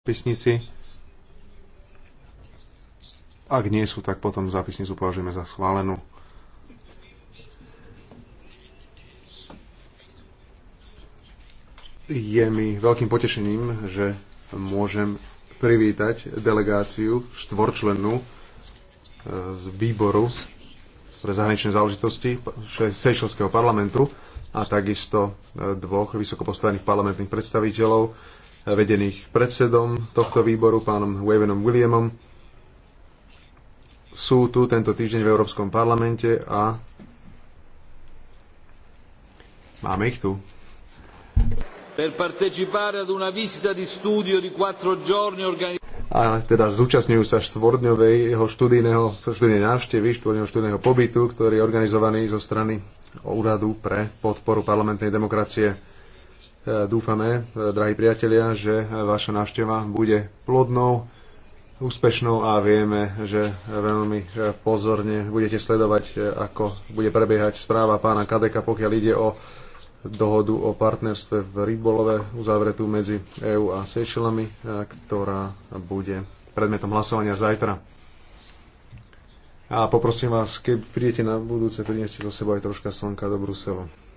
zápisnici. Ak nie sú, tak potom zápisnicu považujeme za schválenú. Je mi veľkým potešením, že môžem privítať delegáciu štvorčlennú eh, z výboru pre zahraničné záležitosti Sejšelského parlamentu a takisto eh, dvoch vysokopostavených parlamentných predstaviteľov vedených predsedom tohto výboru, pánom Wavenom Williamom, sú tu tento týždeň v Európskom parlamente a máme ich tu. A teda zúčastňujú sa štvordňovej jeho študijného, študijnej návštevy, štvordňového študijného pobytu, ktorý je organizovaný zo strany Úradu pre podporu parlamentnej demokracie E, dúfame, e, drahí priatelia, že e, vaša návšteva bude plodnou, úspešnou a vieme, že veľmi pozorne budete sledovať, ako bude prebiehať správa pána Kadeka, pokiaľ ide o dohodu o partnerstve v rybolove uzavretú medzi EÚ a Seychellami, ktorá bude predmetom hlasovania zajtra. A poprosím vás, keď prídete na budúce, prinieste so sebou aj troška slnka do Bruselu.